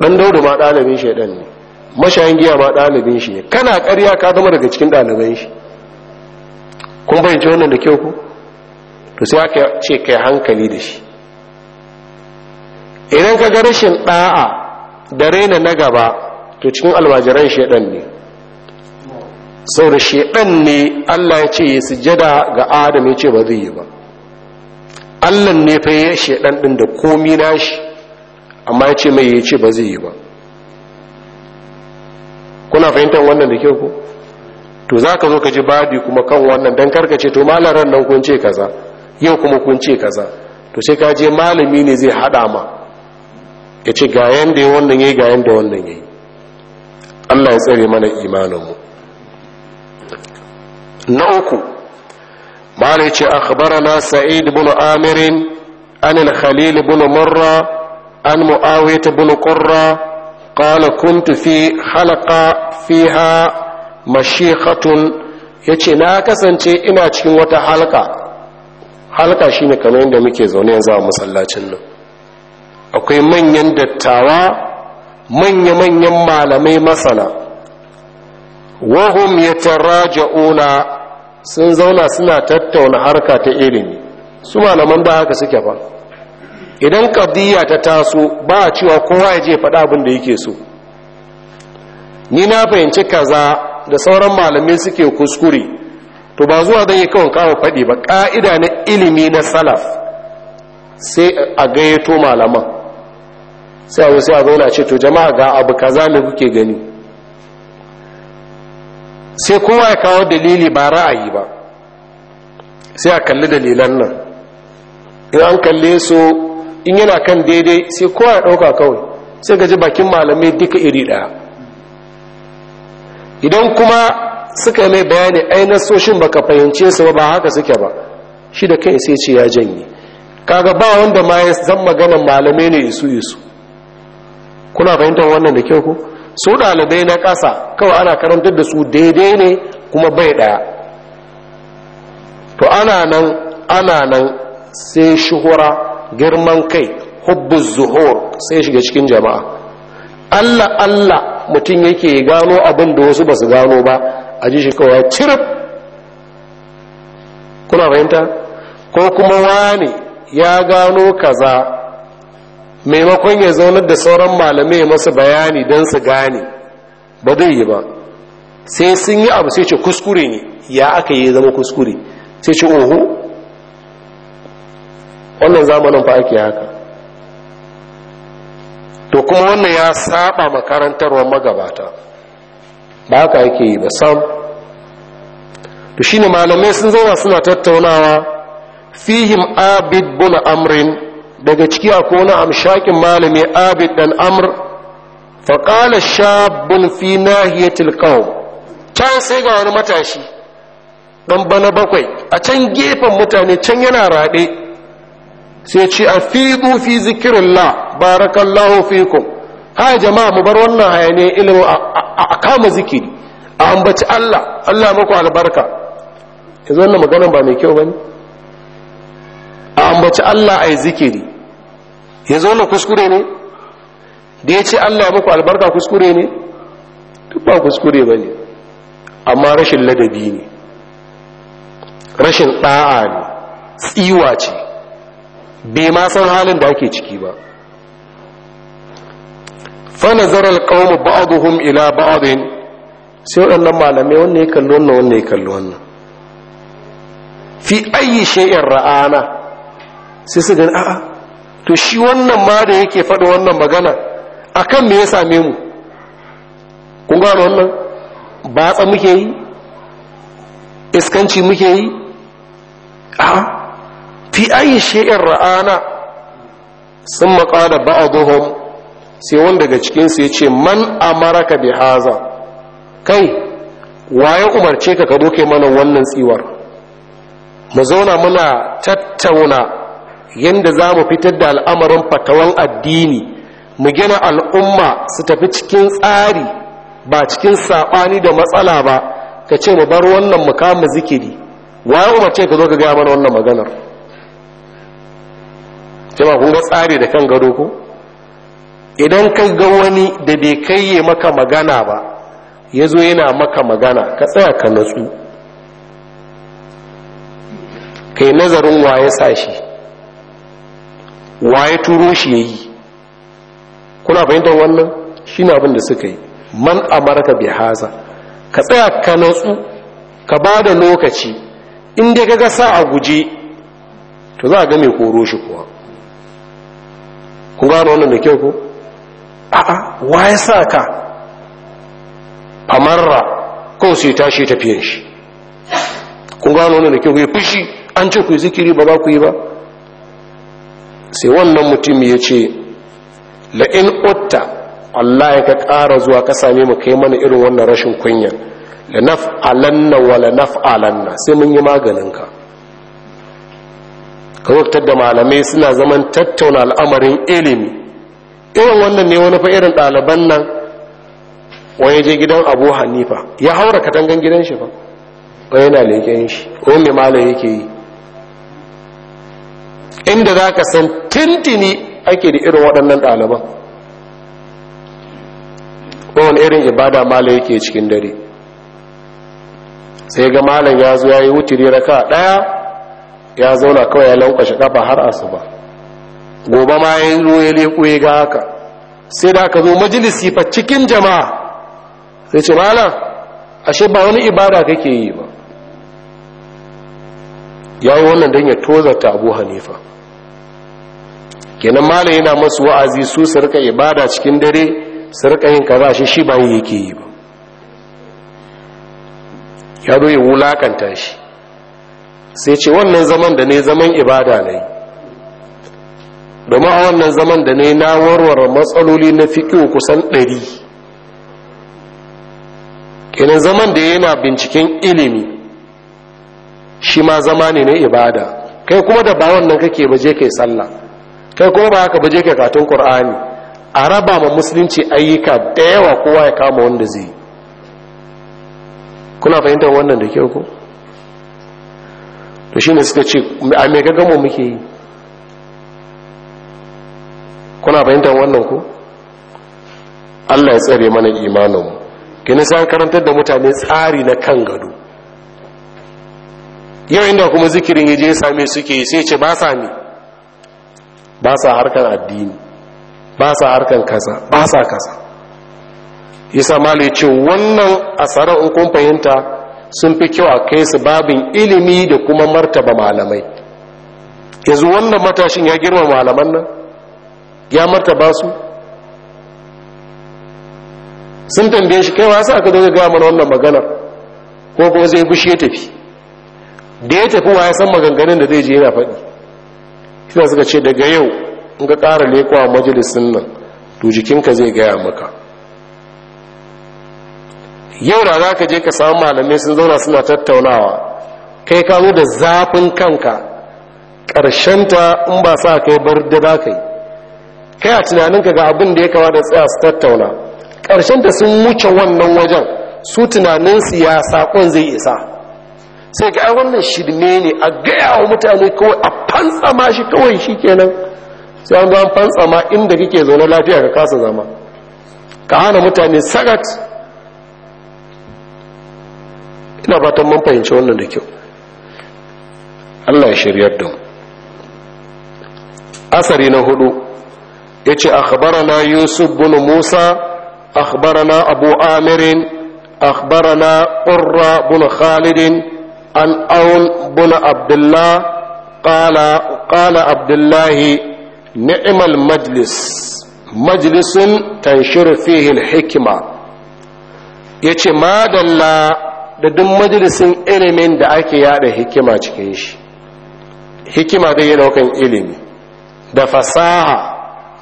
Speaker 1: ɗan daudu ma ɗalibin shaidan ne mashayin giya ma ɗalibin shi ne kana ƙarya ka zama daga cikin ɗaliban shi kun ji wannan da kyau ku to sai aka ce kai hankali da shi idan ka ga rashin ɗa'a da raina na gaba to cikin almajiran shaidan ne sau da shaidan ne allah ya ce ya sujada ga adam ya ce ba zai yi ba allah ne fa ya shaidan ɗin da komi nashi amma ya ce mai ya ce ba zai yi ba kuna fahimtar wannan da kyau ku to za ka zo ka ji babi kuma kan wannan don karkace to malaran nan kun ce kaza yau kuma kun ce kaza to sai ka je malami ne zai haɗa ma ya ce ga yanda ya wannan yayi ga yanda wannan yayi Allah ya tsare mana imaninmu na uku mala ya ce akhbarana sa'id ibn amirin an al-khalil ibn murra an muawiyah ibn qurra قال كنت في حلقة fiha. mashekatun ya ce na kasance ina cikin wata halka halka shine kamar yadda muke zaune yanzu a masallacin nan akwai manyan dattawa manya-manyan malamai masana wahum ya taraja'una sun zauna suna tattauna harka ta ilimi su malaman ba haka suke ba idan kadiyya ta taso ba a cewa kowa ya je faɗa abin da yake so ni na fahimci kaza da sauran malamai suke kuskure to ba zuwa don yi kawai kawo faɗi ba ƙa'ida na ilimi na salaf sai a gayyato malaman sai a wasu a zo ce to jama'a ga abu kaza ne kuke gani sai kowa ya kawo dalili ba ra'ayi ba sai a kalli dalilan nan in an kalle su in yana kan daidai sai kowa ya ɗauka kawai sai gaji bakin malamai duka iri ɗaya idan kuma suka mai bayani ai ba baka fahimce su ba haka suke ba shi da kai sai ce ya janye kaga ba wanda ma ya zan maganan malamai ne isu isu kuna fahimtar wannan da kyau ku su ɗalibai na ƙasa kawai ana karantar da su daidai ne kuma bai ɗaya to ana nan ana nan sai shuhura girman kai hubbus zuhur sai shiga cikin jama'a allah allah mutum yake gano abin da wasu ba su gano ba a ji shi kawai cirif kuna fahimta ko kuma wani ya gano kaza maimakon ya zaunar da sauran malamai masu bayani don su gane ba zai yi ba sai sun yi abu sai ce kuskure ne ya aka yi zama kuskure sai ce oho wannan zamanin fa ake haka to kuma wannan ya saba makarantarwar magabata ba haka yake yi ba sam to shi ne malamai sun zauna suna tattaunawa fihim abid bin amrin daga ciki a wani amshakin malami abid dan amr faƙalar shabun fi nahiyatil tilkawo can sai ga wani matashi ɗan bana bakwai a can gefen mutane can yana raɗe sai ce a fidu fi zikirillah barakallahu fikum ha jama'a mu bar wannan hayane ilimin a kama zikiri a ambaci Allah Allah muku albarka yanzu wannan maganar ba mai kyau bane a ambaci Allah yi zikiri yanzu wannan kuskure ne da ya ce Allah ya muku albarka kuskure ne duk ba kuskure ba ne amma rashin ladabi ne rashin ɗa'a ne tsiwa ce bai ma san halin da ake ciki ba nazara alƙawar ba'dhum ila ba'adin sai waɗannan malamai wanne ya kalli wannan wanne ya kalli wannan fi ayi shay'in ra'ana sai su gani a'a to shi wannan ma da yake faɗi wannan magana akan me ya same mu kun gano wannan batsa muke yi iskanci muke yi a'a fi ayi shi'in ra'ana sun maƙada ba'aduhum sai wanda daga cikinsu ya ce man amaraka bi haza kai waye umarce ka ka doke mana wannan tsiwar mu zauna muna tattauna yadda za mu fitar da al'amarin fatawan addini mu gina al'umma su tafi cikin tsari ba cikin saɓani da matsala ba ka ce mu bar wannan mukamu zikiri waye umarce ka zo ka gaya mana wannan maganar jama kun ga tsari da kan gado ko idan kai ga wani da bai kaiye maka magana ba ya zo yana maka magana ka tsaya ka natsu ka yi nazarin waye sa shi waye turo shi ya yi kuna fahimtar wannan shi ne abin da suka yi man amarka bi haza ka tsaya ka natsu ka ba da lokaci inda ka gasa a guje to za a ga mai koro shi kuwa Ku gano wannan da kyau ko a'a wa ya sa ka famarra kawai sai tashi tafiyan shi Ku gano wannan da kyau ko ya fushi an ce ku yi zikiri ba ba ku yi ba sai wannan mutum ya ce la'in otta Allah ya ka ƙara zuwa ka same mu kai mana irin wannan rashin kunyan la naf'alanna wa la naf'alanna sai mun yi maganin ka. kawaktar da malamai suna zaman tattauna al'amarin ilimi irin wannan ne wani fa irin ɗaliban nan wani je gidan abu hannifa ya haura katangan gidan shi ba ba yana leƙen shi wani mai malaye yake yi inda za ka san tintini ake da irin waɗannan ɗaliban wani irin ibada malaye yake cikin dare sai ga malam ya zo ya yi wuturi raka ɗaya ya zauna kawai ya lankwashe kafa har asuba gobe ma ya zo ya leku ya ga haka sai da aka zo majalisi fa cikin jama'a sai ce rana ashe ba wani ibada kake yi ba ya yi wannan don ya toza ta abu hanifa kenan malam yana masu wa'azi su su ibada cikin dare su yin kaza shi shi ba yake yi ba ya zo ya wulakanta shi sai ce wannan zaman da ne zaman ibada ne domin a wannan zaman da ne na warware matsaloli na fiƙo kusan ɗari kenan zaman da yana binciken ilimi shi ma zama ne na ibada kai kuma da ba wannan kake baje kai sallah kai kuma ba haka baje kai katun ƙur'ani a raba ma musulunci ayyuka da yawa kowa ya kama wanda zai kuna fahimtar wannan da kyau ku. to shine suka ce a me ga mu muke yi kuna fahimtar wannan ku? Allah ya tsare mana mu kini sai karantar da mutane tsari na kan gado yau inda kuma zikirin ya je same suke sai ce ba sa ni, ba sa harkan addini ba sa harkan kaza ba sa kaza isa mali ce wannan asarar in kun fahimta sun fi kyau a kai su babin ilimi da kuma martaba malamai yanzu wannan matashin ya girma malaman nan ya martaba su sun tambaye shi kaiwa sa aka daga gama mana wannan maganar ko kuma zai gushi ya tafi da ya tafi wa ya san maganganun da zai je yana faɗi shi suka ce daga yau in ka ƙara lekowa majalisun nan to jikinka zai gaya maka yau da za ka je ka samu malamai sun zauna suna tattaunawa kai ka da zafin kanka ta in ba sa kai bar da za ka yi kai a tunaninka ga abin da ya kawo da tsaya su tattauna ta sun wuce wannan wajen su tunanin ya saƙon zai isa sai ga wannan shirme ne a gaya wa mutane kawai a fantsama shi kawai shi kenan sai an zo an fantsama inda kake zaune lafiya ka kasa zama ka hana mutane sagat ina fatan mun fahimci wannan da kyau Allah ya shiryar da asari na hudu yace akhbarana yusuf bin musa akhbarana abu amir akhbarana qurra bin khalid an aun bin abdullah qala qala abdullah ni'mal majlis majlisun tanshir fihi al yace madalla da duk majalisin ilimin da ake yada hikima cikin shi hikima da yana kan ilimi da fasaha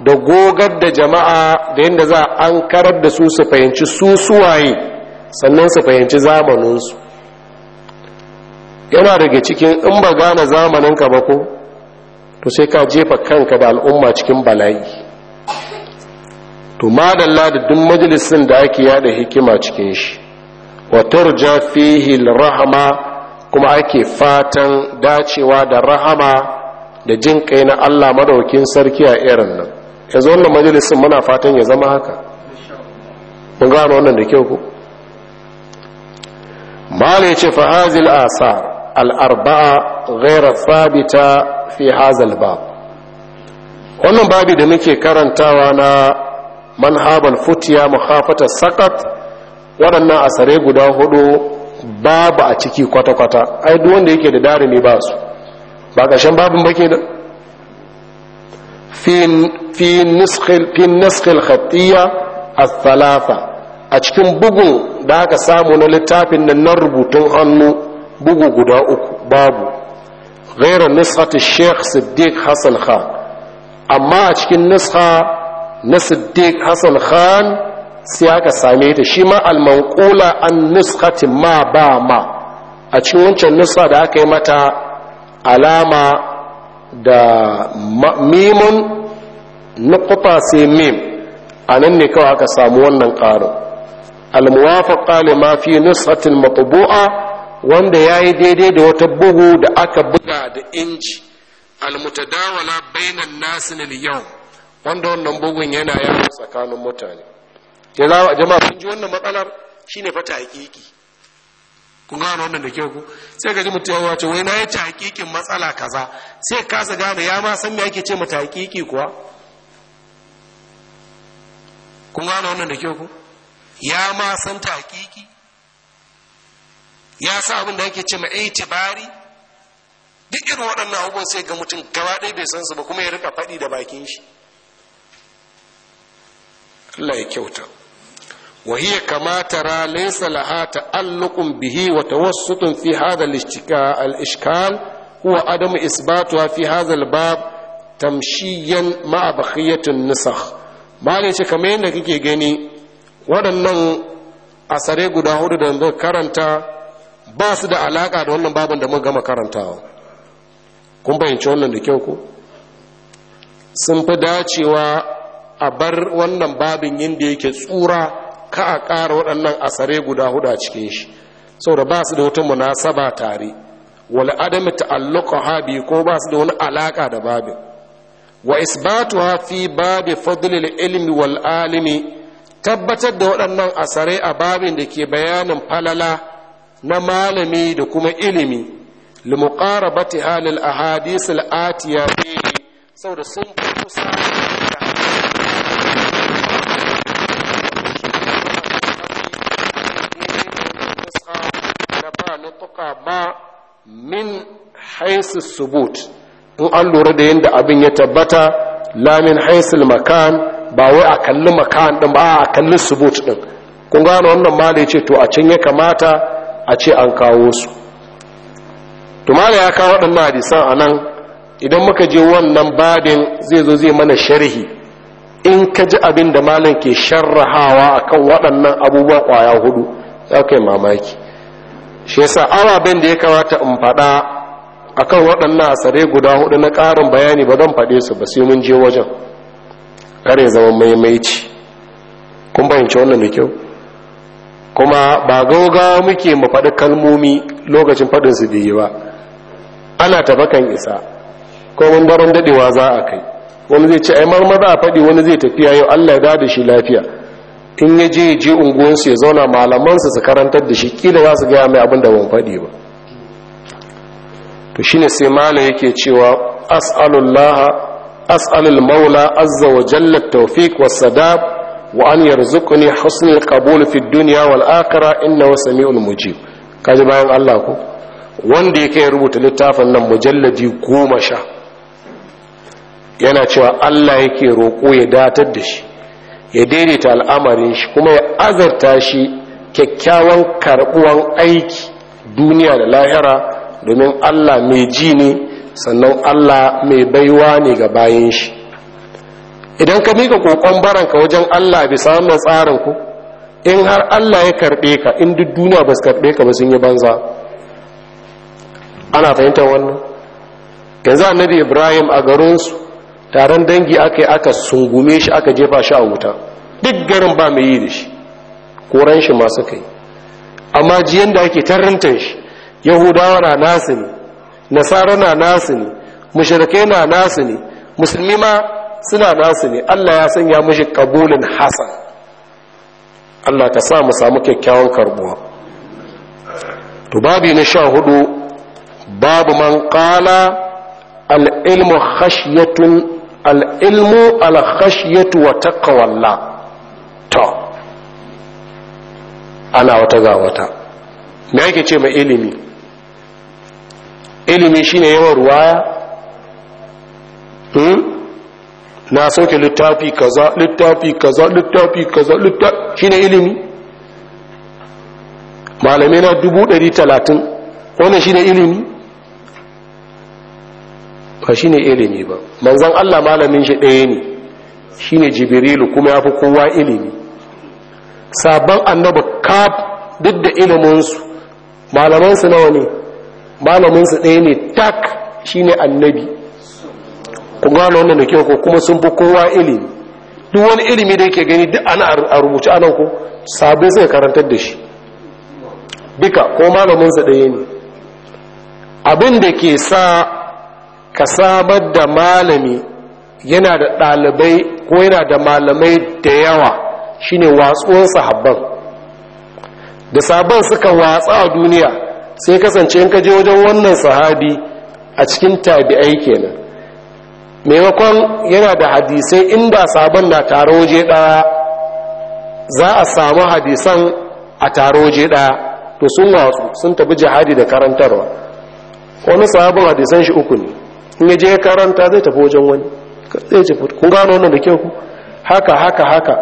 Speaker 1: da gogar da jama'a da yadda za an karar da su su fahimci su suwaye sannan su fahimci zamaninsu yana daga cikin in ba gane zamaninka ba ko to sai ka jefa kanka da al'umma cikin bala'i to madalla da duk majalisin da ake yada hikima cikin shi wa turja fihi rahama kuma ake fatan dacewa da rahama da jin kai na Allah madaukin sarki a irin nan yanzu wannan majalisin muna fatan ya zama haka mun gano wannan da kyau ku mala ce fa hazil asar al arba'a ghayra sabita fi hazal bab wannan babi da muke karantawa na manhabal futiya muhafata sakat waɗannan a sare guda hudu babu a ciki kwata-kwata ai duk wanda yake da ne ba su ba shan babin ba ke da fi niskil khatiyya a talafa a cikin bugun da aka samu na littafin nan na rubutun hannu bugu guda uku babu ghairar nuskhatin sheikh siddiq hassan khan amma a cikin nuskha na siddiq hassan khan sai aka same ta shi ma almankula an nuskatin ma ba ma a cikin wancan nusa da aka yi mata alama da mimun nukuta sai mim a nan ne kawai aka samu wannan ƙarin almuwafaqa lima fi nuskatin matubu'a wanda ya yi daidai da wata bugu da aka buga da inji almutadawala bainan nasin yau wanda wannan bugun yana yawo tsakanin mutane jama'a kun ji wannan matsalar shine fata hakiki kun gano wannan da kyau ku sai ka ji mutum ya wace wai na ya ci hakikin matsala kaza sai ka kasa gane ya ma san me ake ce mata hakiki kuwa kun gano wannan da kyau ku ya ma san ta hakiki ya sa abin da ake ce ma itibari duk irin waɗannan abubuwan sai ga mutum gaba ɗaya bai san su ba kuma ya rika faɗi da bakin shi Allah ya kyauta Wahi ya kamata tara laysa laha ta'alluqun bihi wa tawassutun fi hadha al-ishkal huwa adam isbatuha fi hadha al-bab tamshiyan ma'a baqiyatin nusakh malai ce kamar yadda gani waɗannan asare guda hudu da zan karanta ba su da alaka da wannan babin da mun gama karantawa kun bayyance wannan da kyau ko sun fi dacewa a bar wannan babin yadda yake tsura ka a ƙara waɗannan asare guda hudu a cikin shi saboda ba su da wata munasaba tare wal adami ta'alluqa habi ko ba su da wani alaƙa da babin wa isbatuha fi babi fadlil ilmi wal alimi tabbatar da waɗannan asare a babin da ke bayanin falala na malami da kuma ilimi limuqarabati halin ahadith al atiya fi saboda sun fi kusa da ba min haisu subut in an lura da yadda abin ya tabbata lamin haisul makan ba wai a kalli makan din ba a kalli subut din kun gano wannan da ya ce to a can ya kamata a ce an kawo su to ya kawo waɗannan hadisan a nan idan muka je wannan badin zai zo zai mana sharhi in ka ji abin da malam ke sharrahawa akan waɗannan abubuwa ƙwaya hudu ya kai mamaki shi yasa ababen da ya kamata in faɗa akan waɗannan asare guda hudu na ƙarin bayani ba zan faɗe su ba sai mun je wajen kare zama maimaici kun fahimci wannan da kyau kuma ba gaugawa muke mu faɗi kalmomi lokacin faɗin su da yi ba ana tabakan isa ko mun daɗewa za a kai wani zai ce ai marmara a faɗi wani zai tafiya yau allah ya da shi lafiya in ya je je unguwansu ya zauna malamansa su karantar da shi kila za su gaya mai abin da ban faɗi ba to shine sai malam yake cewa as'alullaha, as'alul maula azza wa jalla tawfiq was sadab wa an yarzuqni husni al-qabul fi dunya wal akhirah innahu samiul mujib kaje bayan Allah ko wanda yake rubuta littafin nan mujalladi goma sha yana cewa Allah yake roƙo ya datar da shi ya daidaita al'amarin shi kuma ya azarta shi kyakkyawan karɓuwan aiki duniya da lahira domin allah mai ji ne sannan allah mai baiwa ne ga bayan shi idan ka mika kokon baranka wajen allah bisa wannan tsarin ku in har allah ya karɓe ka in duk duniya ba su karɓe ka ba sun yi banza ana fahimtar wannan yanzu annabi ibrahim a garinsu taron dangi aka yi aka sungume shi aka jefa shi a wuta duk garin ba mai yi da shi koran shi masu kai amma jiyan da ake tarantar shi yahudawa na nasu ne nasara na nasu ne mushrikai na nasu ne musulmi ma suna nasu ne allah ya sanya mashi kabulin Hassan. allah ka sa mu samu kyakkyawan karbuwa to babi na sha hudu babu man kala al'ilmu khashiyatun al'ilmu khashiyatu wa taqwa to ana wata ga wata me ake ce mai ilimi ilimi shine yawan ruwaya hmm? na sauke littafi kaza littafi kaza littafi kaza littafi shine ilimi malamai na dubu dari talatin wannan shine ilimi ba shine ilimi ba manzan allah malamin shi ɗaya ne shine jibrilu kuma ya fi kowa ilimi sabon annaba kaf duk da iliminsu malamansu nawa ne malaminsu ɗaya ne tak shine annabi ku gano wannan da kyau ko kuma sun fi kowa ilimi duk wani ilimi da yake gani duk ana a rubuce anan ku sabon sai karantar da shi duka ko malaminsa ɗaya ne abin da ke sa ka samar da malami yana da ɗalibai ko yana da malamai da yawa shine watsuwan sahabban da sabon suka watsa a duniya sai kasance in ka wajen wannan sahabi a cikin tabi'ai kenan maimakon yana da hadisai inda sabon na taro waje ɗaya za a samu hadisan a taro waje ɗaya to sun watsu sun tafi jihadi da karantarwa wani sabon hadisan shi uku ne in ya je karanta zai tafi wajen wani zai ce fito kun gano wannan da kyau ku haka haka haka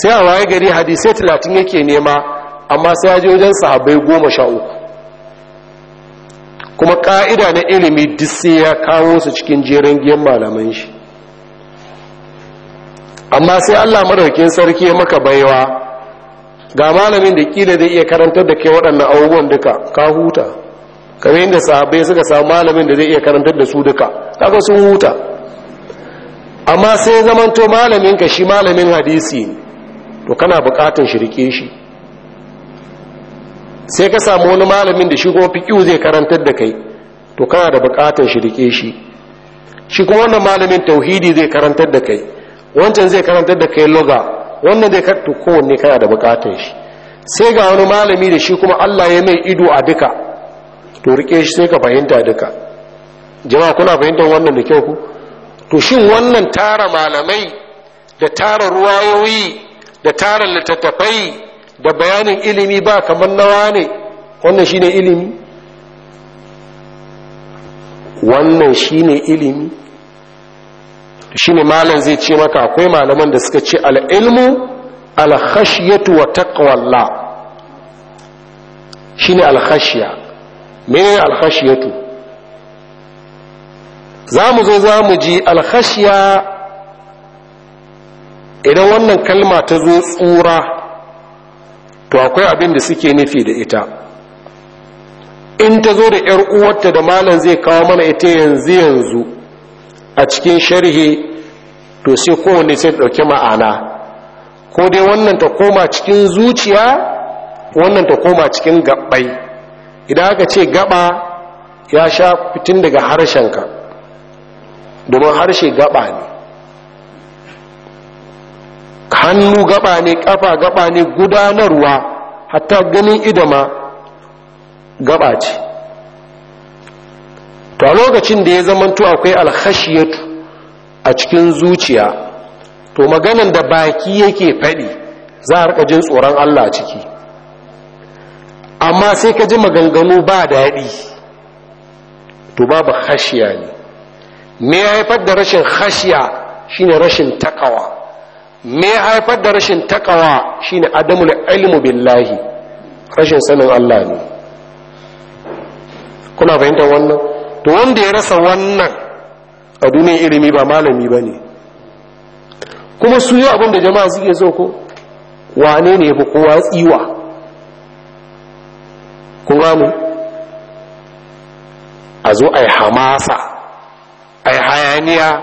Speaker 1: sai a waye gari hadisai talatin yake nema amma sai ya je wajen sahabai goma sha uku kuma ka'ida na ilimi duk ya kawo su cikin jerin giyan malaman shi amma sai allah madaukin sarki ya maka baiwa ga malamin da kila zai iya karantar da kai waɗannan abubuwan duka ka huta kamar yadda sahabai suka samu malamin da zai iya karantar da su duka kaga sun huta amma sai zamanto malaminka shi malamin hadisi ne to kana bukatun shi shi sai ka samu wani malamin da shi kuma fiƙiu zai karantar da kai to kana da bukatun shi shi shi kuma wannan malamin tauhidi zai karantar da kai wancan zai karantar da kai loga wannan zai karto kowanne kana da bukatun shi sai ga wani malami da shi kuma Allah ya mai ido a duka to rike shi sai ka fahimta duka jama'a kuna fahimtar wannan da kyau ku to shin wannan tara malamai da tara ruwayoyi da tara littattafai da bayanin ilimi ba kamar nawa ne wannan shine ilimi wannan shine ilimi shine malam zai ce maka akwai malaman da suka ce al'ilmu al-khashyatu wa taqwallah shine al-khashya menene al-khashyatu za mu zo za mu ji alhashiya idan wannan kalma ta zo tsura to akwai abin da suke nufi da ita in ta zo da 'yar uwarta da malam zai kawo mana ita yanzu yanzu a cikin sharhi to sai kowane sai ɗauki ma'ana ko dai wannan ta koma cikin zuciya wannan ta koma cikin gabbai idan aka ce gaba ya sha fitin daga harshenka domin harshe gaba ne hannu gaba ne kafa gaba ne gudanarwa hatta ganin idama gaba ce to a lokacin da ya zamanto akwai alhashiyatu a cikin zuciya to maganan da baki yake faɗi za a rika jin tsoron allah ciki amma sai ka ji maganganu ba daɗi to babu hashiya ne me ya haifar da rashin khashiya shine rashin takawa me ya haifar da rashin takawa shine adamul ilmu billahi rashin sanin Allah ne kuna fahimtar wannan to wanda ya rasa wannan a duniyar ilimi ba malami ba ne kuma su yi abin da jama'a suke so ko wane ne fi kowa tsiwa kun gano a zo a yi hamasa a hayaniya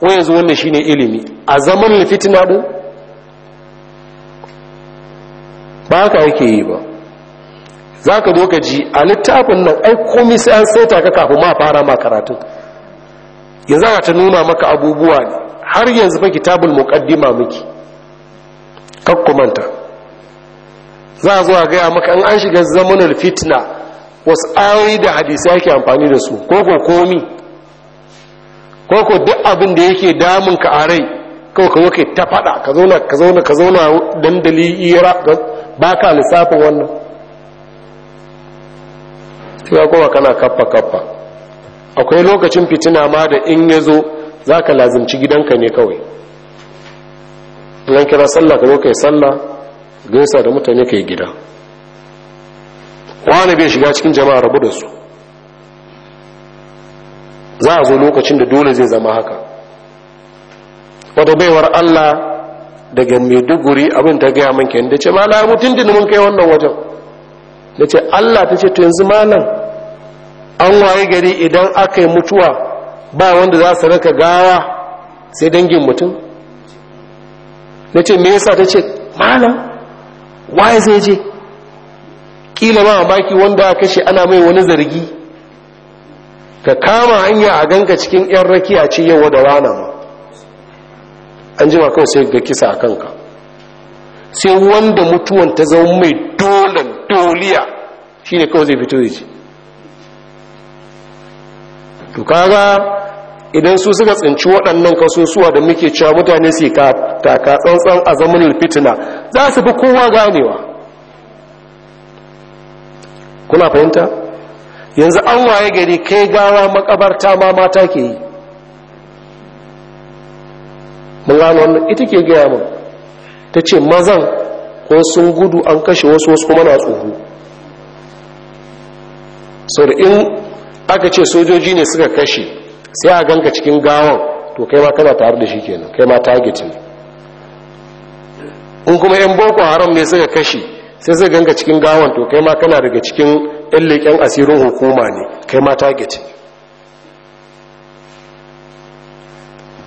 Speaker 1: wai yanzu wannan shine ilimi a zaman fitina din ba ka yake yi ba za ka zo ka ji a littafin nan ai komi sai an saita ka kafin ma fara ma karatun yanzu za ta nuna maka abubuwa ne har yanzu fa kitabul muqaddima miki kakkumanta za a zo a gaya maka in an shiga zamanin fitna wasu ayoyi da hadisai ake amfani da su ko ko komi ko ko duk abin da yake damun ka a rai kawai ka ke ta faɗa ka zauna ka zauna ka zauna dandali ira ba ka lissafin wannan sai kuma kana kaffa kaffa akwai lokacin fitina ma da in ya zo za ka lazimci gidanka ne kawai in kira sallah ka zo kai sallah gaisa da mutane kai gida wani bai shiga cikin jama'a rabu da su za a zo lokacin da dole zai zama haka wata baiwar allah daga maiduguri abin ta gaya manke kenan da ce na mutum din mun kai wannan wajen da ce allah ta ce to yanzu malam an waye gari idan aka yi mutuwa ba wanda za su raka gawa sai dangin mutum da ce me yasa ta ce malam waye zai je kila ma baki wanda kashe ana mai wani zargi ka kama hanya a ganga cikin 'yan rakiya ce yau da rana ma an jima kawai sai ga kisa a kanka sai wanda mutuwan ta zama mai dolan doliya shi ne kawai zai fito da ce to kaga idan su suka tsinci waɗannan kasusuwa da muke cewa mutane su ka taka tsantsan a zamanin fitina za su fi kowa ganewa kuna fahimta yanzu an waye gari kai gawa makabarta ma mata ke yi mun gano wannan ita ke gaya mun ta ce mazan ko sun gudu an kashe wasu wasu kuma na tsoho sau da in aka ce sojoji ne suka kashe sai a ganka cikin gawan to kai ma kana tare da shi kenan kai ma targetin in kuma 'yan boko haram ne suka kashe sai suka ganka cikin gawan to kai ma kana daga cikin 'yan leƙen asirin hukuma ne kai ma target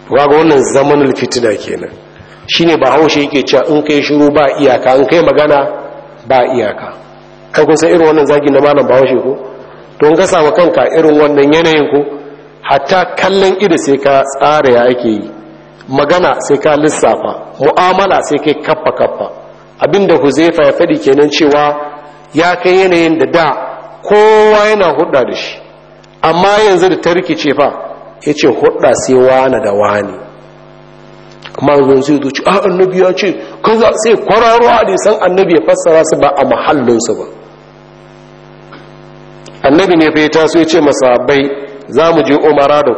Speaker 1: waga wannan zamanin fitina kenan shine ba haushe yake cewa in kai shiru ba iyaka in kai magana ba iyaka kai kun san irin wannan zagi na malam ba haushe ko to ka samu kanka irin wannan yanayin ko hatta kallon ido sai ka tsara ya ake yi magana sai ka lissafa mu'amala sai kai kaffa kaffa abinda huzaifa ya faɗi kenan cewa ya kai yanayin da da kowa yana hudda da shi amma yanzu da ta ce fa ya ce hudda sai wane da wane amma yanzu zai zuci a ah, annabi ya ce kaza sai kwararo san annabi ya fassara su ba a mahallinsu ba annabi ne fai ya taso ya ce za mu je umara da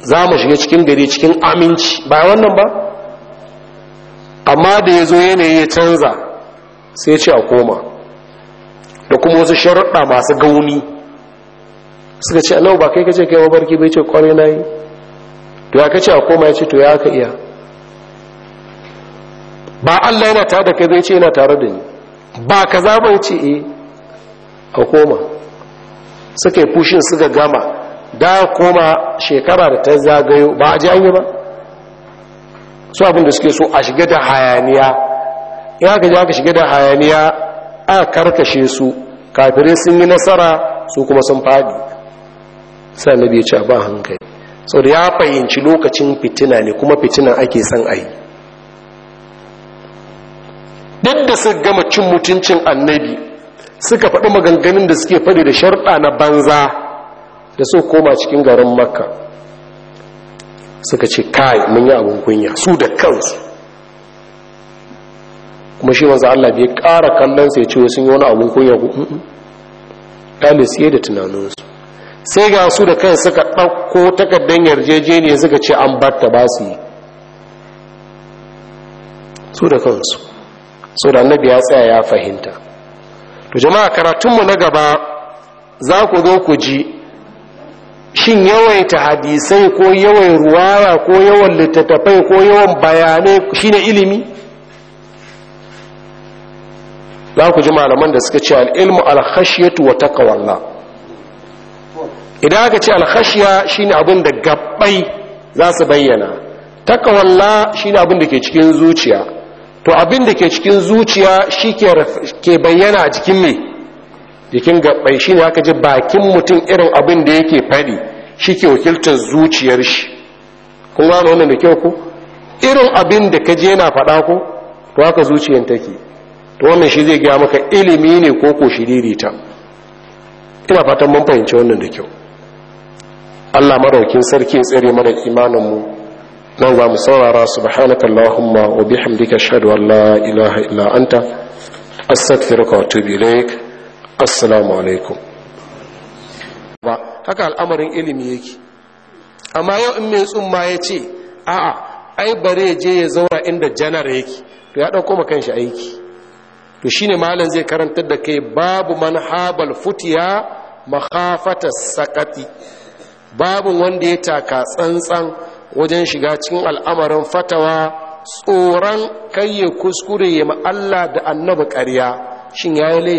Speaker 1: za mu shiga cikin gari cikin aminci ba wannan ba amma da ya zo yanayi ya canza sai ce a koma da kuma wasu sharuɗa masu gauni suka ce alau ba kai kace kai barki bai ce kwarai na yi to ya kace a koma ya ce to ya ka iya ba allah yana tare da kai zai ce yana tare da ni ba ka za ba ce e a koma suka yi fushin suka gama da koma shekara da ta zagayo ba a ji an yi ba su abinda suke so a shiga da hayaniya ya ka ji aka shiga da hayaniya a karkashe su kafirai sun yi nasara su kuma sun fadi sai annabi ya ce ba hankali sau da ya fahimci lokacin fitina ne kuma fitina ake son a yi duk da su gama cin mutuncin annabi suka faɗi maganganun da suke faɗi da sharɗa na banza da su koma cikin garin makka suka ce kai mun yi abin kunya su da kansu kuma shi manzo Allah bai ƙara kallon sai ce sun yi wani abun kunya ku kale sai da tunaninsu sai ga su da kai suka ɗauko takardar yarjejeniya suka ce an batta ba su yi su da kansu so da annabi ya tsaya ya fahimta to jama'a karatunmu na gaba za ku zo ku ji shin yawaita hadisai ko yawan ruwaya ko yawan littattafai ko yawan bayanai shine ilimi za ku ji malaman da suka ce al'ilmu alhashiyatu wa takawalla idan aka ce alhashiya shine abin da gabbai za su bayyana takawalla shine abin da ke cikin zuciya to abin da ke cikin zuciya shi ke bayyana a jikin me jikin gabbai shine aka ji bakin mutum irin abin da yake faɗi shi ke wakiltar zuciyar shi kuma wani da kyau ku irin abin da ka je na faɗa ku to haka zuciyar take to wannan shi zai gaya maka ilimi ne ko ko ririta ina fatan mun fahimci wannan da kyau Allah madaukin sarki tsere mana imanin mu nan ga mu saurara subhanaka allahumma wa bihamdika ashhadu an la ilaha illa anta astaghfiruka wa atubu ilaik assalamu alaikum ba haka al'amarin ilimi yake amma yau in mai tsumma ya ce a'a ai bare je ya zaura inda janar yake to ya dauko ma kanshi aiki to shine malam zai karantar da kai babu manhabal futiya makhafata sakati babu wanda ya taka tsantsan wajen shiga cikin al'amarin fatawa tsoron kai ya kuskure ya Allah da annabi ƙarya shin yayi